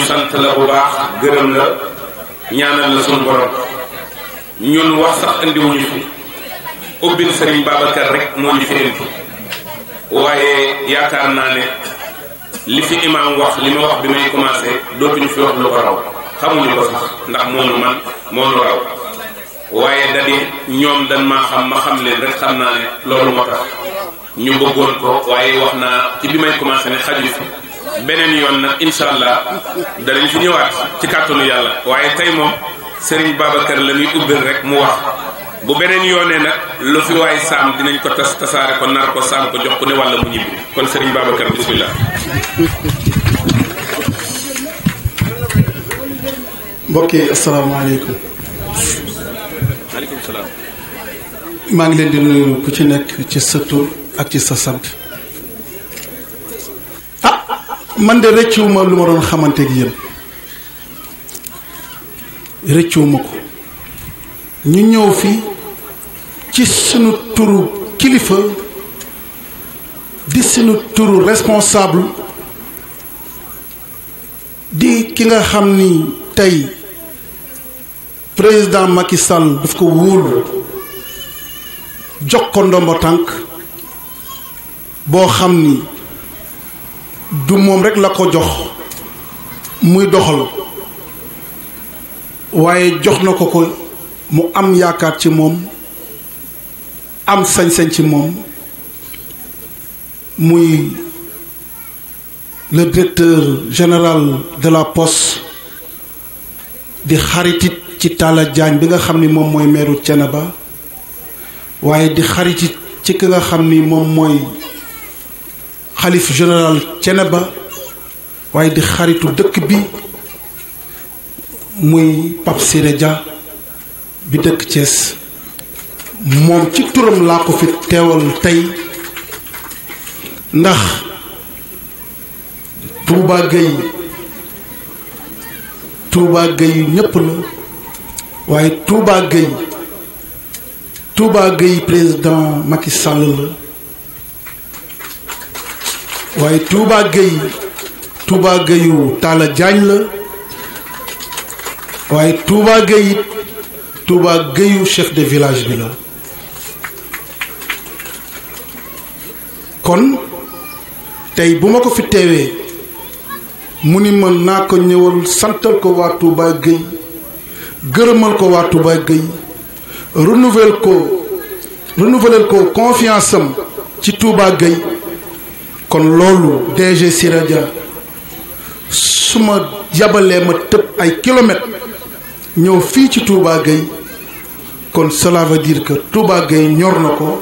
ñu sant la bu baax gërëm la ñaanal la sunu borom ñun wax sax indiwuñu fi ubbil sëriñ Babacar rek moo ñu fi indi waaye yaakaar naa ne li fi imaam wax li ma wax bi may commencé dootuñu fi wax lu ko raw xamuñu ko sax ndax moonu man moonu raw waaye dadi ñoom dañ maa xam ma xam leen rek xam naa ne loolu moo tax ñu bëggoon ko waaye wax naa ci bi may commencé ne xaju fi beneen yoon nag incha allah danañ fi ñëwaat ci kàttanu yàlla waaye tey moom Serigne Babacar la ñuy ubbil rek mu wax bu beneen yoonee nag lu fi waay saam dinañ ko tas tasaare ko nar ko saam ko jox ku ne wàlla mu ñibbi kon sëriñ Babacar bismillah mbokk yi asalaamaaleykum. salaam. maa ngi leen di nuyu ku ci nekk ci sa tur ak ci sa sant. man de rëccuwuma lu ma doon xamante ak yéen rëccuwuma ko ñu ñëw fi ci sunu turu kilifa di sunu turu responsable di ki nga xam ni tey président Macky Sall daf ko wóolu jox ko ndombo tànk boo xam ni du mom rek la ko jox muy doxal waye jox na ko ko mu am yaakaar ci mom am sañ-sañ ci mom muy le directeur général de la poste di xaritit ci tala Diagne bi nga xamni mom moy mooy meeru waye di xaritit ci ki nga xamni mom moy xalif général ba waaye di xaritu dëkk bi muy Pape Siré Dia bi dëkk Thiès moom ci turam laa ko fi teewal tey ndax Touba Gueye Touba Gueye ñépp la waaye Touba Gueye Touba Gueye président Macky Sall la waaye Touba Gueye Touba Gueye Talla Diagne la waaye Touba Gueye it Touba chef de village bi la kon tey bu ma ko fi teewee mu ni mën naa ko ñëwal santal ko waa Touba Gueye gërëmal ko waa Touba Gueye renouvelle ko renouveler ko confiance am ci Touba Gueye kon loolu DG Siré Dia su ma yabalee ma tëb ay kilomètres ñëw fii ci Touba Gueye kon cela veut dire que Touba Gueye ñor na ko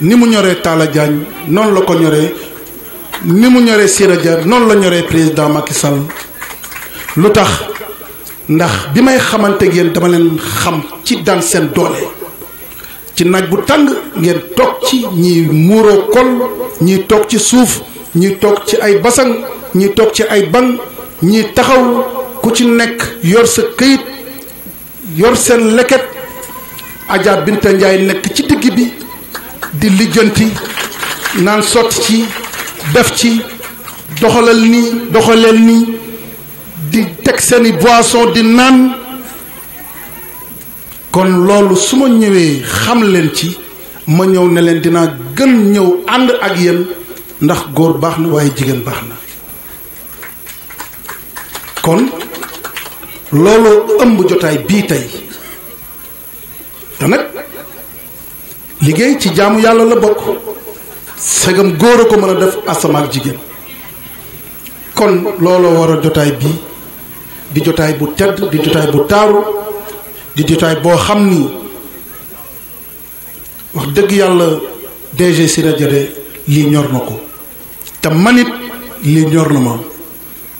ni mu ñoree Talla Diagne noonu la ko ñoree ni mu ñoree Siré Dia noonu la ñoree président Macky Sall lu tax ndax bi may xamante ak dama leen xam ci daan seen doole. ci naaj bu tàng ngeen toog ci ñiy muuroo kol ñiy toog ci suuf ñiy toog ci ay basang ñiy toog ci ay ban ñiy taxaw ku ci nekk yor sa këyit yor seen leket Adja Binta Ndiaye nekk ci digg bi di lijjanti naan sotti ci def ci doxalal nii doxaleel nii di teg seeni boisson di naan kon loolu su ma ñëwee xam leen ci ma ñëw ne leen dinaa gën ñëw ànd ak yéen ndax góor baax na waaye jigéen baax na kon looloo ëmb jotaay bii tey te nag liggéey ci jaamu yàlla la bokk segam góor a ko mën a def asamaak jigéen kon looloo war a jotaay bii di jotaay bu tedd di jotaay bu taaru di détail boo xam ni wax dëgg yàlla DG Siré Dia lii ñor na ko te manit lii ñor na ma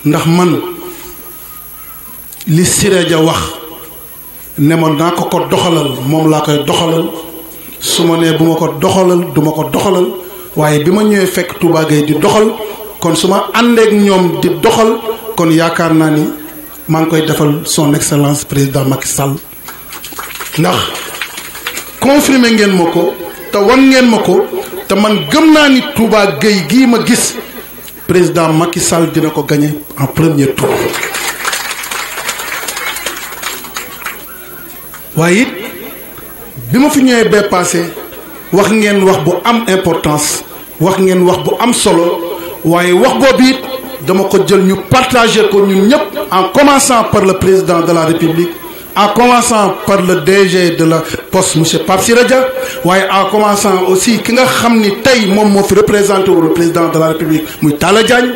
ndax man li Siré Dia wax ne ma naa ko ko doxalal moom laa koy doxalal su ma nee bu ma ko doxalal duma ko doxalal waaye bi ma ñëwee fekk Touba di doxal kon su ma àndeek ñoom di doxal kon yaakaar naa ni maa ngi koy defal son excellence président Macky Sall ndax confirmé ngeen ma ko te wan ngeen ma te man gëm naa ni Touba président Macky Sall dina ko en premier tour waaye it bi fi ñëwee passé wax wax bu am importance wax ngeen wax bu am solo waaye wax boobu it dama ko jël ñu en commençant par le président de la république en commençant par le DG de la poste monsieur Pape Siré Dia waaye en commençant aussi ki nga xam ni tey moom moo fi représenté wu président de la république muy taala Diagne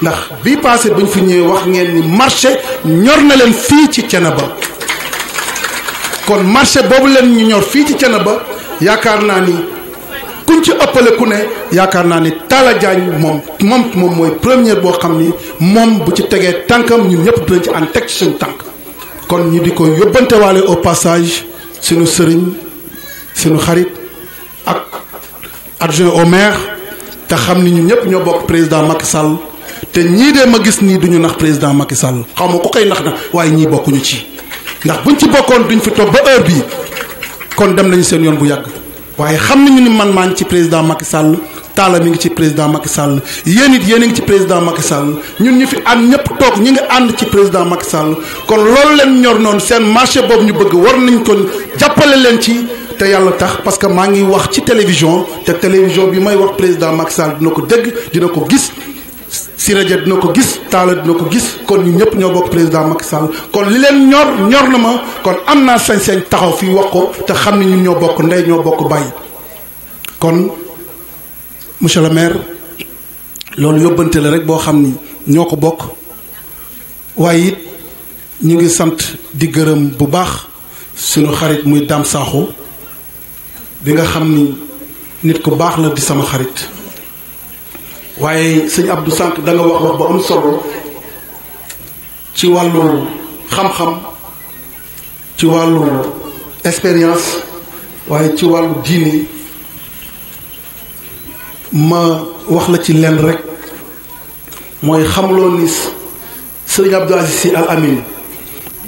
ndax bii passé bu ñu fi ñëwee wax ngeen ni marché ñor na leen fii ci Thiénaba kon marché boobu leen ñu ñor fii ci ba yaakaar naa ni kuñ ci ëppale ku ne yaakaar naa ni Talla Diagne moom moom moom mooy première boo xam ni moom bu ci tegee tànkam ñu ñëpp dinañ ci ànd teg ci suñu tànk. kon ñu di ko yóbbantewaale au passage suñu sëriñ suñu xarit ak adjoint au maire te xam ni ñu ñëpp ñoo bokk président Macky Sall te ñii de ma gis nii duñu nax président Macky Sall xawma ko ku koy nax na waaye ñii bokkuñu ci ndax buñ ci bokkoon duñu fi toog ba heure bii kon dem nañu seen yoon bu yàgg waaye xam nañu ni man maan ci président Macky sàll Talla mi ngi ci président Macky Sall yéen nit yéen ngi ci président Macky Sall ñun ñi fi am ñep tok ñi nga and ci président Macky Sall kon loolu leen ñor noonu seen marché boobu ñu bëgg war nañ ko jàppale leen ci te yàlla tax parce que maa ngi wax ci télévision te télévision bi may wax président Macky Sall dina ko dégg dina ko gis Siré Dia dina ko gis Talla dina ko gis kon ñu ñëpp ñoo bokk président Macky Sall kon li leen ñor ñor na ma kon am naa sañ-sañ taxaw fii wax ko te xam ne ñun ñoo bokk ndey ñoo bokk bàyyi kon. monsieur le maire loolu yóbbante la rek boo xam ni ñoo ko bokk waaye it ñu ngi sant di gërëm bu baax suñu xarit muy Dame bi nga xam ni nit ku baax la di sama xarit waaye sëñ Abdou Sànq da nga wax wax bu am solo ci wàllu xam-xam ci wàllu expérience waaye ci wàllu diine ma wax la ci lenn rek mooy xamloo ni sëriñ Abdou Aziz Sy Al Amine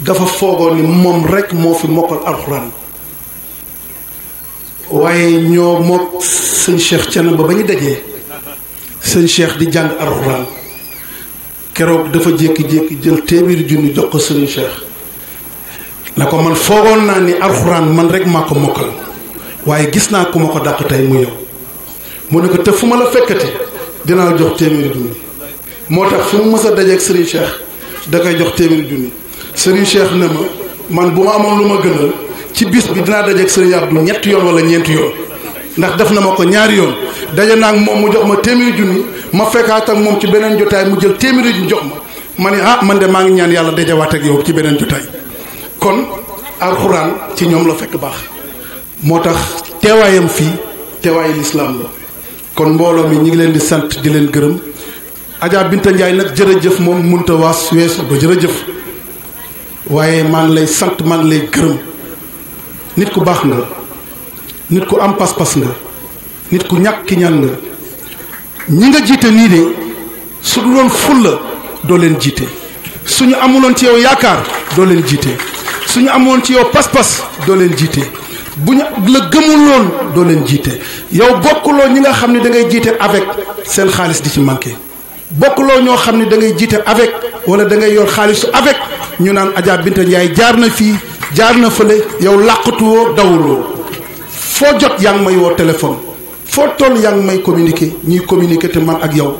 dafa foogoon ni moom rek moo fi mokkal alxuraan waaye ñoo mook sëñ Cheikh Thiénaba ba ba ñu dajee sëñ Cheikh di jàng alxuraan keroog dafa jékki-jékki jël téeméeri junni jox ko sëñ Cheikh na ko man foogoon naa ni alxuraan man rek maa ko mokkal waaye gis naa ku ko dàq tey mu ñëw mu ne ko te fu ma la fekkati dinaa jox téeméeri junni moo tax fu mu mës a dajeeg Serigne Cheikh da koy jox téeméeri junni Serigne Cheikh ne ma man bu ma amoon lu ma gënal ci bis bi dinaa dajeeg Serigne Abdou ñetti yoon wala ñeenti yoon ndax def na ma ko ñaari yoon daje naa ak moom mu jox ma téeméeri junni ma fekkaat ak moom ci beneen jotaay mu jël téeméeri junni jox ma ma ne ah man de maa ngi ñaan yàlla dajawaat ak yow ci beneen jotaay kon alxuraan ci ñoom la fekk baax moo tax teewaayam fii teewaayu lislaam la kon mbooloo mi ñu ngi leen di sant di leen gërëm ajaar Binta njaay nag jërëjëf moom munta waas weesu ba jërëjëf waaye maa ngi lay sant maa ngi lay gërëm nit ku baax nga nit ku am pas-pas nga nit ku ñàkk ki ñaan nga ñi nga jiite nii de su du doon fulla doo leen jiite suñu amuloon ci yow yaakaar doo leen jiite ñu amuloon ci yow pas-pas doo leen jiite bu ñu la gëmuloon doo leen jiite yow bokkuloo ñi nga xam ne da ngay jiite avec seen xaalis di ci manqué bokkuloo ñoo xam ne da ngay jiite avec wala da ngay yor xaalisu avec ñu naan Adja Binta Ndiaye jaar na fii jaar na fële yow làqatuwoo dawuloo foo jot yaa ngi may woo téléphone foo toll yaa ngi may communiqué ñuy communiqué te man ak yow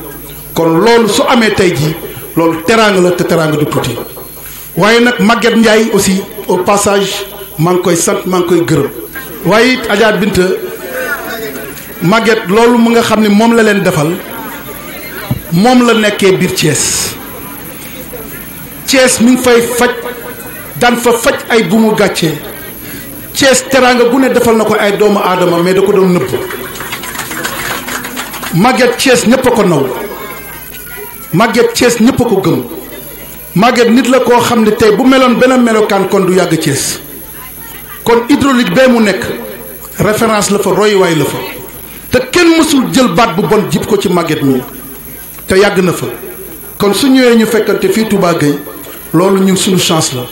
kon loolu su amee tey jii loolu teraanga la te teraanga du tuuti waaye nag Maguette Ndiaye aussi au passage. maa ngi koy sant maa ngi koy gërëm waaye it Adja Binta Maguette loolu mu nga xam ne moom la leen defal moom la nekkee biir Thiès Thiès mi fay faj daan faj ay bu mu gàccee Thiès teraanga ne defal na ko ay doomu aadama mais da ko doon nëbb Maguette Thiès ñëpp a ko naw Maguette cees ñëpp a ko gëm Maguette nit la koo xam ne tey bu meloon beneen melokaan kon du yàgg Thiès. kon hydraulique bee mu nek référence la fa way la fa te ken musul jël bat bu bon jib ko ci maget mi te yag na fa kon su ñewé ñu fekkante fi Touba Gueye lolu ñu suñu chance la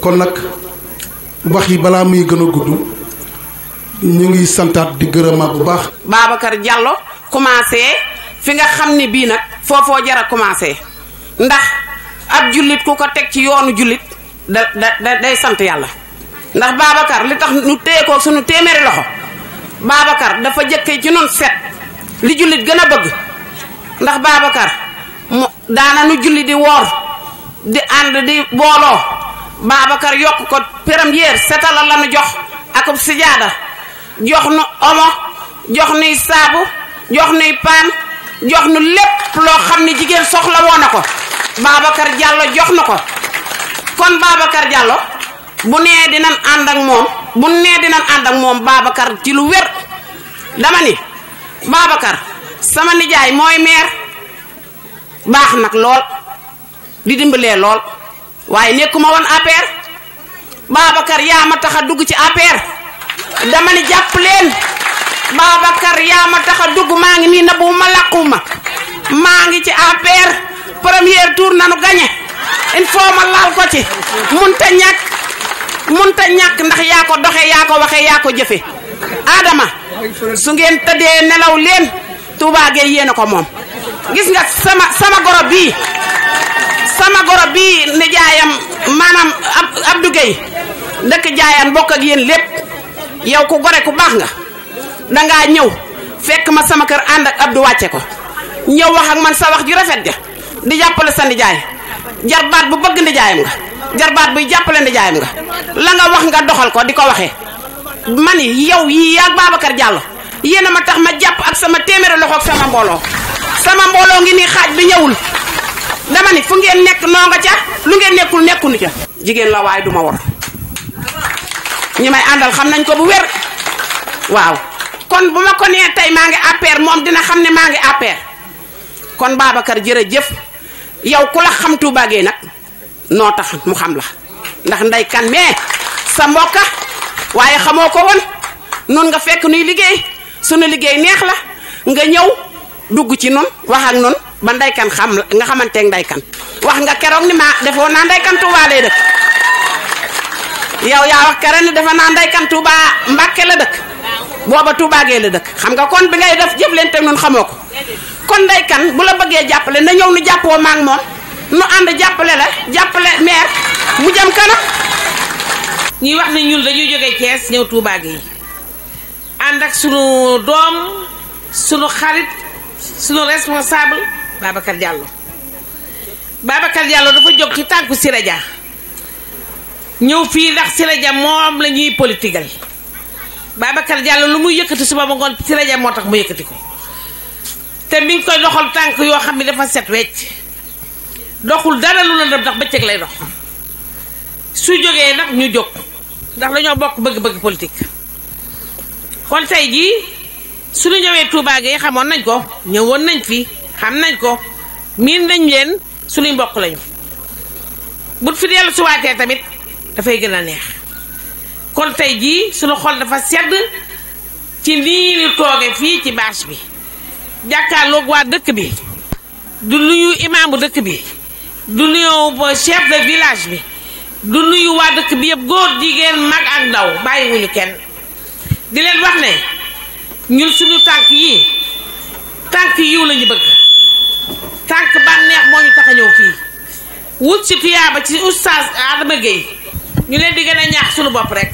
kon nak wax yi bala muy gëna guddu gudd ñu ngi santat di ak bu baax. babakar Diallo commencé fi nga xamni bi nak fofo jara commencé ndax ab julit ku ko tek ci yoonu julit da da day sante yalla ndax Babacar li tax nu téye koog suñu téeméeri loxo Babacar dafa jëkkee ci noonu set li jullit gën a bëgg ndax Babacar mu daana nu julli di woor di ànd di booloo Babacar yokk ko première setala la nu jox akub sijaada jox nu omo jox nuy saabu jox nuy paan jox nu lépp loo xam ne jigéen soxla woon na ko Babacar Diallo jox nu ko kon Babacar Diallo bu nee dinañ and ak mom bu nee dinañ and ak mom babakar ci lu wer dama ni babakar sama nijaay moy mer bax nak lol, di dimbalee lol, waye nekuma won aper babakar ya ma taxa a dugg ci aper dama ni japp len babakar ya ma taxa a dugg maa ngi ni nabu malakuma tur ngi ci aper premier tour nanu gagné il ma laal ko ci munta ñak munta ñak ndax ya ko doxé ya ko waxé ya ko jëfé adama su ngeen tedé nelaw leen tuubaa ge yéne ko mom gis nga sama sama gorob bi sama gorob bi ne jaayam manam abdou gay dëkk jaayam bok ak yeen lepp yow ku goré ku bax nga nga ñew fekk ma sama kër and ak abdou wacce ko ñew wax ak man sa wax ju rafet ja di jàppale sandi jaay jarbaat bu bëgg nijaayam nga jarbaat buy jàppale ndijaayam nga la nga wax nga doxal ko di waxe Mani, man yow yi ak babakar jàllo yena ma tax ma japp ak sama téeméeri loxo ak sama mbolo sama mbolo ngi ni xaj bi ñewul dama ni fu ngeen nek no nga ca lu ngeen nekku ni ca jigen la way duma wor ñi may andal xam nañ ko bu wer waaw kon buma ko ne tay ma ngi aper mom dina xam ne ma ngi aper kon jere jef yow kula xam Touba nak noo tax mu xam la ndax ndey kan sa mbokka waaye xamoo ko woon noonu nga fekk nuy liggéey sunu liggéey neex la nga ñëw dugg ci noonu wax ak noonu ba ndeykan xam la nga xamanteeg ndeykan wax nga keroog ni ma defoon naa ndeykan Touba lay dëkk yow yaa wax keroog ni defe naa ndeykan la dëkk booba Touba gee la dëkk xam nga kon bi ngay def jëf leen teg noonu xamoo ko kon ndeykan bu la bëggee jàppale na ñëw nu jàppoo maak moom No anda jappale la jappale mer mu jam kanam ñi wax ne ñul dañuy jógee ties ñew Touba gi and ak suñu dom suñu xarit suñu responsable babakar Diallo babakar Diallo dafa jog ci tanku Sira ñew fi ndax Sira mom moom la ñuy politigal babakar Diallo lu muy yëkëti suba mo ngon Sira mu yëkëti ko té mi ngi koy doxal tank yo xamni dafa set wécc doxul dara lu lëndëm ndax bëccëg lay dox su jógee nag ñu jóg ndax dañoo bokk bëgg-bëgg politique kon tey jii suñu ñëwee Touba gi xamoon nañ ko ñëwoon nañ fi xam nañ ko miin nañ leen suñuy mbokk lañu bu fi su suwaatee tamit dafay gën a neex kon tey ji suñu xol dafa sedd ci nii ñu tooge fii ci bâche bi jàkkaarloog waa dëkk bi du luyu imaamu dëkk bi du bo chef de village bi du nuyu wa dekk bi yeb goor jigen mag ak ndaw wuñu ken di len wax ne ñun suñu tank yi tank yiw lañu bëgg tank bànneex moo ñu tax a ñëw fii wut ci tuyaaba ci oustaz Adama gey ñu len di gëna ñaax suñu bop rek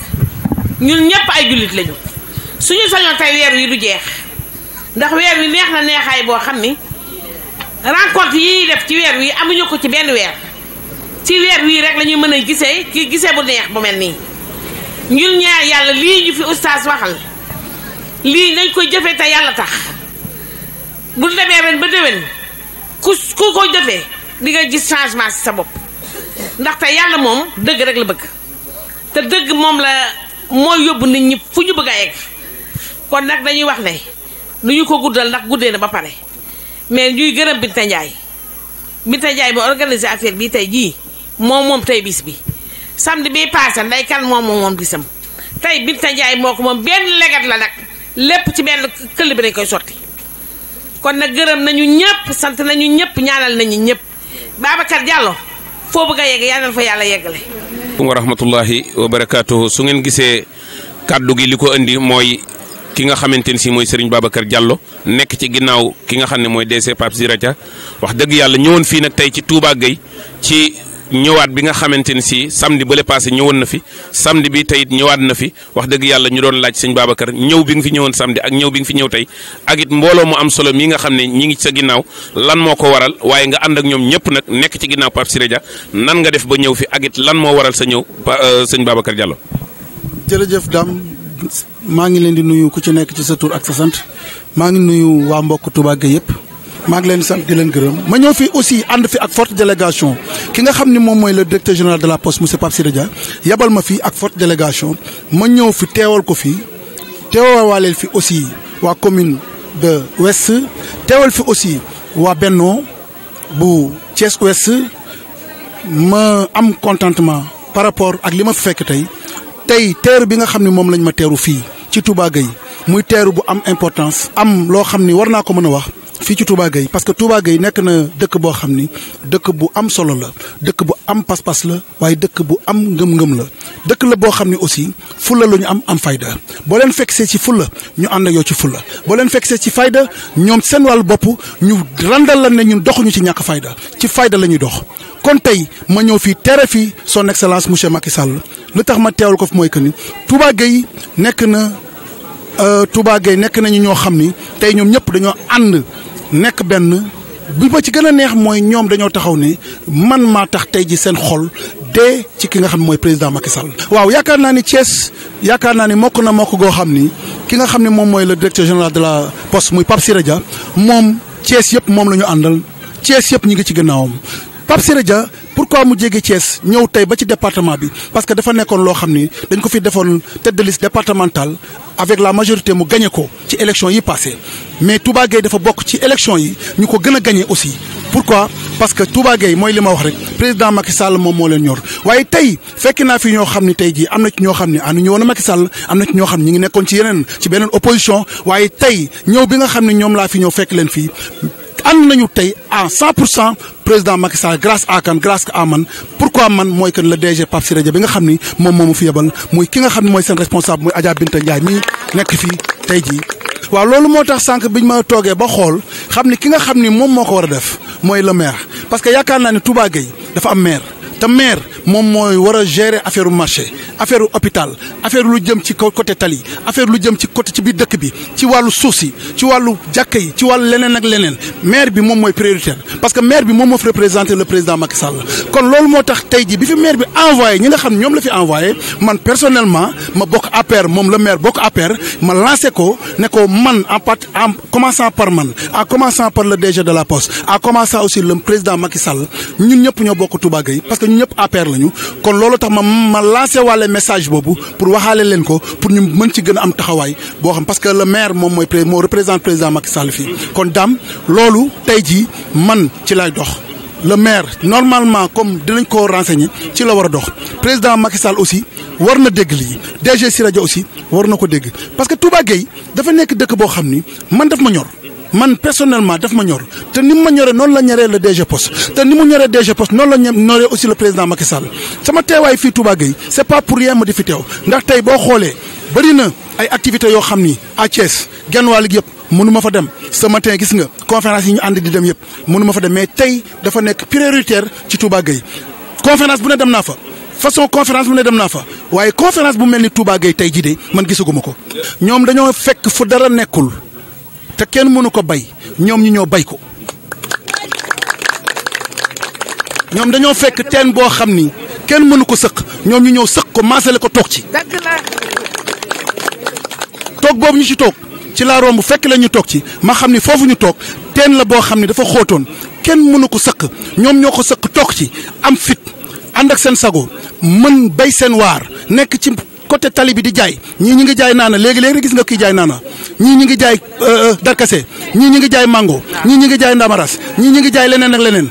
ñun ñepp ay julit lañu suñu sañu tay wër wi du jeex ndax wër yi neex na neexay bo xamni rencontre yi def ci weer wi amuñu ko ci benn weer ci weer wii rek lañuy mën a gisee ki gisee bu neex bu mel nii ñun ñaar yàlla lii ñu fi oustaz waxal lii nañ koy jëfee te yàlla tax bu demee ren ba déwén ku ku ko jëfee di nga gis changement si sa bopp ndaxte yàlla moom dëgg rek la bëgg te dëgg moom la mooy yóbbu nit ñi fu ñu bëgg a egg kon nag dañuy wax ne lu ñu ko guddal ndax guddee na ba pare mais ñuy gërëm Binta Ndiaye Binta Ndiaye ba organisé affaire bi tey jii moom moom tey bis bi samedi bi paase nday kan moom moom moom bisam tey Binta Ndiaye moo ko moom benn leget la nag lépp ci benn këll bi dañ koy sotti kon nag gërëm nañu ñëpp sant nañu ñëpp ñaanal nañu ñëpp Babacar Diallo foo bëgg a yegg yàlla fa yàlla yeggale. wa rahmatullahi su ngeen gisee kàddu gi li ko indi mooy. ki nga xamanteni si moy Serigne Babacar Diallo nek ci ginnaw ki nga xamne moy DC pap Siratia wax deug yalla ñewon fi nak tay ci Touba Gueye ci ñewat bi nga xamanteni si samedi bële passé ñewon na fi samedi bi tayit it na fi wax deug yalla ñu doon laaj serigne Babacar ñew bi nga fi ñewon samedi ak ñew bi nga fi ñew tay ak it mbolo mu am solo mi nga xamne ñi ngi ci ginnaw lan moko waral waye nga and ak ñom ñëpp nak nek ci ginnaw pap nan nga def ba ñew fi ak it lan mo waral sa ñew euh, serigne Babacar Diallo. dam maa ngi leen di nuyu ku ci nekk ci sa tur ak sa sant maa ngi nuyu waa mbokk Touba Gueye yëpp maa ngi leen sant di leen gërëm ma ñëw fi aussi ànd fi ak fort délégation ki nga xam ni moom mooy le directeur général de la poste monsieur Pape Siré yebal ma fi ak forte délégation ma ñëw fi teewal ko fi teewaleel fi aussi waa commune de Ouest teewal fi aussi waa bennoo bu Thiès Ouest ma am contentement par rapport ak li ma fekk tey tey teeru bi nga xam ne moom lañ ma teeru fii ci Touba Gueye muy teeru bu am importance am loo xam ni war naa ko mën a wax fii ci Touba Gueye parce que Touba Gueye nekk na dëkk boo xam ni dëkk bu am solo la dëkk bu am pas-pas la waaye dëkk bu am ngëm-ngëm la dëkk la boo xam ni aussi fulla la ñu am am fayda boo leen fekk see ci fulla ñu ànd yoo ci fulla boo leen fekk see ci fayda ñoom seen wàll bopp ñu randal la ne ñun doxuñu ci ñàkk fayda ci fayda la ñuy dox kon tey ma ñëw fii tere fii son excellence monsieur Macky Sall lu tax ma teewal ko fi mooy que ni Touba Gueye nekk na euh, Touba Gueye nekk nañu ñoo xam ni tey ñoom ñëpp dañoo ànd nekk benn bi ma ci gën a neex mooy ñoom dañoo taxaw ni man maa tax tey ji seen xol de ci ki nga xam ne mooy président Macky Sall. waaw yaakaar naa ni cees yaakaar naa ni mokk na mokk goo xam ni ki nga xam ne moom mooy le directeur général de la poste muy Pape Siré Dia moom Thiès yëpp moom la ñu àndal Thiès yëpp ñu ngi ci gannaawam Pape Siré pourquoi mu jéggi Thiès ñëw tay ba ci département bi parce que dafa nekkoon lo xamni dañ ko fi defoon tête de liste départementale avec la majorité mu gagné ko ci élection yi passé mais Touba Gueye dafa bokk ci élection yi ñu ko gën gagné aussi pourquoi parce que Touba Gueye moy li ma wax rek président Macky Sall moom moo leen ñor waye tay fekk na fi ño xamni tay ji amna ci ño xamni anu ñu woon a Macky Sall am ci ño xamni ñi ñu ngi nekkoon ci yenen ci benen opposition waye tay ñëw bi nga xamni ñom la fi ñëw fekk leen fi ànd nañu tey en 100 pour cent président Macky Sall grâce à kan grâce à man pourquoi man mooy kan le DG Pape Siré Dia bi nga xam ni moom moomu fi yebal muy ki nga xam ne mooy seen responsable muy Adja Binta Ndiaye mii nekk fii tey jii. waaw loolu moo tax sànq biñ ma toogee ba xool xam ni ki nga xam ni moom moo ko war a def mooy le maire parce que yaakaar naa ne Touba Gueye dafa am maire te maire. moom mooy war a gérer affaire marché affaire hôpital affaire lu jëm ci côté tali affaire lu jëm ci côté ci bi dëkk bi ci walu suuf ci walu jakkay ci wàllu lenen ak lenen maire bi mom moy prioritaire parce que maire bi mom moo représenter le président Macky Sall kon lolou motax tay ji bi fi maire bi envoyer ñi nga xam ñom la fi envoyer man personnellement ma bokk APR mom le maire bokk APR ma lancé ko ne ko man en part en commençant par man en commençant par le DG de la Poste en commençant aussi le président Macky Sall ñun ñëpp ñoo bokk Touba gay parce que ñun ñëpp APR la nañu kon loolu tax ma ma lancé waale message boobu pour waxaale leen ko pour ñu mën ci gën a am taxawaay boo xam parce que le maire moom mooy pré moo représente président Macky Sall fii kon daam loolu tey jii man ci lay dox. le maire normalement comme dinañ ko renseigner ci la war a dox président Macky Sall aussi war na dégg lii DG Siradia aussi war na ko dégg parce que Touba Gueye dafa nekk dëkk boo xam ni man daf ma ñor. man personnellement daf ma ñor te ni mu ma ñoree noonu la ñoree le DG Poste te ni mu ñoree DG Poste noonu la ñoree aussi le président Macky Sall sama teewaay fii Touba Gueye c'est pas pour rien ma di fi teew ndax tey boo xoolee bëri na ay activités yoo xam ni à Thiès genn wàll yëpp mënu fa dem sama matin gis nga conférence yi ñu ànd di dem yëpp mënu ma fa dem mais tey dafa nekk prioritaire ci Touba Gueye conférence bu ne dem naa fa façon conférence bu ne dem naa fa waaye conférence bu mel ni Touba Gueye tey jii de man gisaguma ñoom dañoo fekk fu dara nekkul. te kenn mënu ko bay ñoom ñu ñoo bay ko ñoom dañoo fekk teen boo xam ni kenn mënu ko sëq ñoom ñu ñëw sëq ko maasale ko toog ci toog boobu ñu ci toog ci laa romb fekk la ñu toog ci ma xam ni foofu ñu toog teen la boo xam ni dafa xóotoon kenn mënu ko sëq ñoom ñoo ko sëq toog ci am fit ànd ak seen sago mën bay seen waar nekk ci côté tali bi di jaay ñii ñu ngi jaay naana léegi léegi gis nga kii jaay naana ñii ñu ngi jaay euh, euh, darkase ñii ñu ngi jaay mango ñii ñu ngi jaay ndamaras ñii ñu ngi jaay leneen ak leneen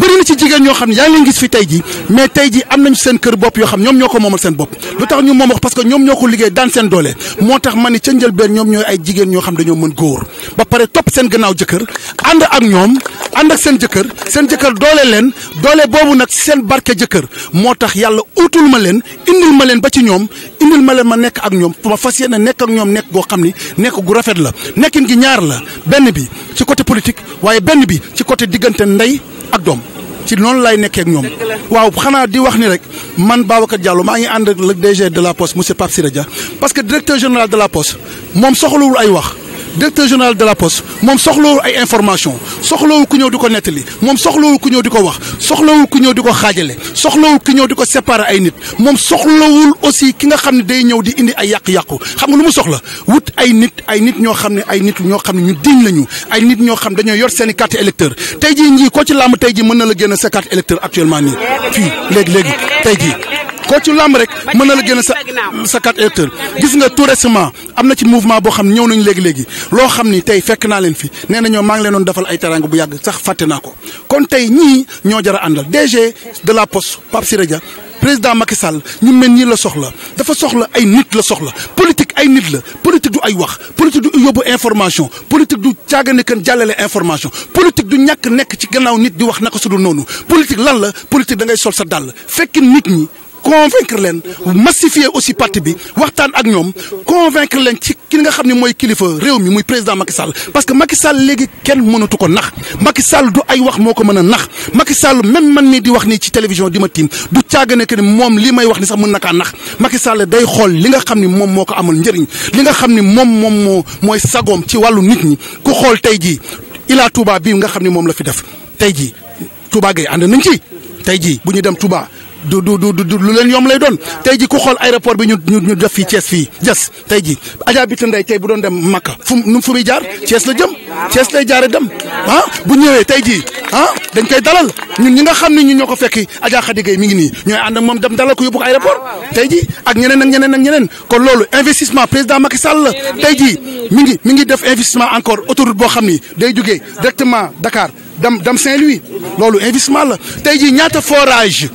bëri na ci jigéen ñoo xam ne yaa ngi leen gis fi tey ji mais tey ji am nañu seen kër bopp yoo xam ñoom ñoo ko moomal seen bopp lu tax ñu moom wax parce que ñoom ñoo ko liggéey daan seen doole moo tax ma ni ca njëlbeen ñoom ñooy ay jigéen ñoo xam dañoo mën góor ba pare topp seen gannaaw jëkkër ànd ñoom ànd ak seen jëkkër seen jëkkër doole leen doole boobu nag seen barke jëkkër moo tax yàlla utul ma leen indil ma leen ba ci ñoom indil ma leen ma nekk ak ñoom ma fas yéene nekk ak ñoom nekk boo xam ni nekk gu rafet la nekkin gi ñaar la benn bi ci côté politique waaye benn bi ci côté diggante ndey ak doom ci noonu laay nekkee ñoom. waaw xanaa di wax ni rek man Babacar Diallo maa ngi ànd ak le de la Poste monsieur Pape Siré Dia parce que directeur général de la Poste moom soxalul ay wax. directeur général de la poste moom soxlawul ay information soxlawul ku ñëw di ko nettali moom soxlawul ku ñëw di ko wax soxlawul ku ñëw di ko xaajale soxlawul ku ñëw di ko sépare ay nit moom soxlawul aussi ki nga xam ne day ñëw di indi ay yàqu-yàqu xam nga lu ma soxla wut ay nit ay nit ñoo xam ne ay nit ñoo xam ne ñu diñ lañu ay nit ñoo xam dañoo yor seen i carte électeur tey jii ñii ko ci làmb tey jii mën na la génn sa carte électeur actuellement nii fii léegi léegi tey jii koo ci làmb rek mën na la génn sa sa quatre gis nga tout récemment am na ci mouvement boo xam ne ñëw nañu léegi-léegi loo xam ni tey fekk naa leen fi nee na ñoo maa ngi leen doon defal ay teranga bu yàgg sax fàtte naa ko kon tey ñii ñoo jar ànd àndal DG de la poste Pape Siré Dia président Macky Sall ñu mel nii la soxla dafa soxla ay nit la soxla politique ay nit la politique du ay wax politique du yóbbu information politique du caagane kan jàllale information politique du ñàkk nekk ci gannaaw nit di wax naka su dul noonu politique lan la politique da ngay sa dàll fekk nit ñi convaincre leen massifier aussi parti bi waxtaan ak ñoom convaincre leen ci ki nga xam ne mooy kilifa réew mi muy président Macky Sall parce que Macky Sall léegi kenn mënatu ko nax Macky Sall du ay wax moo ko mën a nax Macky Sall même man mii di wax nii ci télévision di ma tiim du caagane que ni moom li may wax ni sax mën na kaa nax Macky day xool li nga xam ni moom moo ko amal njëriñ li nga xam ni moom moom moo mooy sagoom ci wàllu nit ñi ku xool tey jii Ila Touba bii nga xam ni moom la fi def tey jii Touba Gueye ànd nañ ci tey jii bu ñu dem Touba du du du lu leen yomb lay doon tey ji ku xool aéroport bi ñu ñu ñu def fii Thiès fi jas tey ji Adja Bita ndey tey bu doon dem Makka fu mu fu muy jaar Thiès la jëm Thiès lay jaare dem ah bu ñëwee tey ji ah dañ koy dalal ñun ñi nga xam ne ñun ñoo ko fekki ajaa Khady Gueye mi ngi nii ñooy ànd ak moom dem dalal ko yóbbu ko aéroport tey ji ak ñeneen ak ñeneen ak ñeneen kon loolu investissement président Macky Sall la tey ji mi ngi mi ngi def investissement encore autoroute boo xam ni day jógee directement Dakar dem dem Saint-Louis loolu la tey ji ñaata forage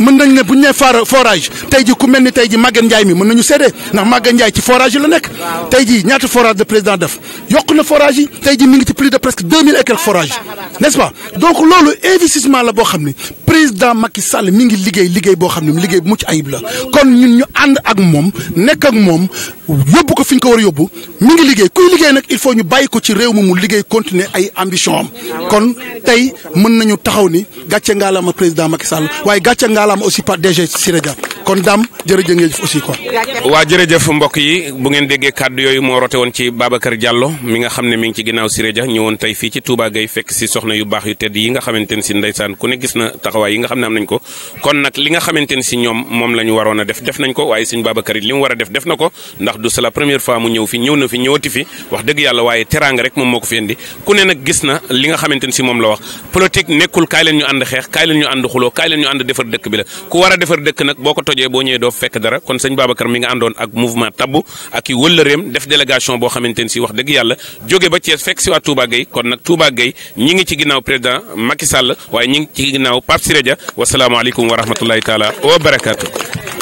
mën nañ ne bu ñu nee far forage tey ji ku mel ni tey ji Maguette Ndiaye mi mën nañu séddee ndax Maguette Ndiaye ci forage yi la nekk. tey ji ñaata forage de président def yokk na forage yi tey ji mi ngi ci plus de presque deux mille et quelques forages ah, ah, ah, n'est-ce pas donc loolu investissement la boo xam ne président Macky Sall mi ngi liggéey liggéey boo xam ne liggéey bu mucc ayib la kon ñun ñu ànd ak moom nekk ak moom yóbbu ko fi ñu ko war a yóbbu mi ngi liggéey kuy liggéey nag il faut ñu bàyyi ko ci réew mi mu liggéey continuer ay ambition am kon tey mën nañu taxaw ni gàcce ngaalama président Macky Sall waaye gàcce ngaalama salam aussi par DG Siré Dia kon dam jërëjëf ngeen jëf aussi quoi. waa jërëjëf mbokk yi bu ngeen déggé kàddu yoy mo roté won ci Babacar Diallo mi nga xamné mi ngi ci ginnaaw Siré Dia tay fi ci Touba Gueye fekk ci soxna yu bax yu tedd yi nga xamanteni ci ndaysan ku ne gis na taxaway yi nga xamné am nañ ko kon nak li nga xamanteni ci si mom lañu warona def def nañ ko waye suñ Babacar li mu def def nako ndax du c'est la première fois mu ñëw fi ñëw na fi ñëwati fi wax dëgg Yalla waye terang rek mom moko fi indi ku ne nak gis na li nga xamanteni ci mom la wax politique nekkul kay lañ ñu and xex kay lañ ñu and xulo kay lañ ñu and defar dëkk bi la ku war a defar dëkk nag boo ko tojee boo ñëwee doo fekk dara kon sëñ Babacar mi nga àndoon ak mouvement tabbu ak i wëllëreem def délégation boo xamante ne si wax dëgg yàlla jóge ba Thiès fekk si waa Touba Gueye kon nag Touba Gueye ñi ngi ci ginnaaw président Macky Sall waaye ñi ngi ci ginnaaw Pape Siré Dia wasalaamualeykum wa rahmatullahi taala wa barakaatu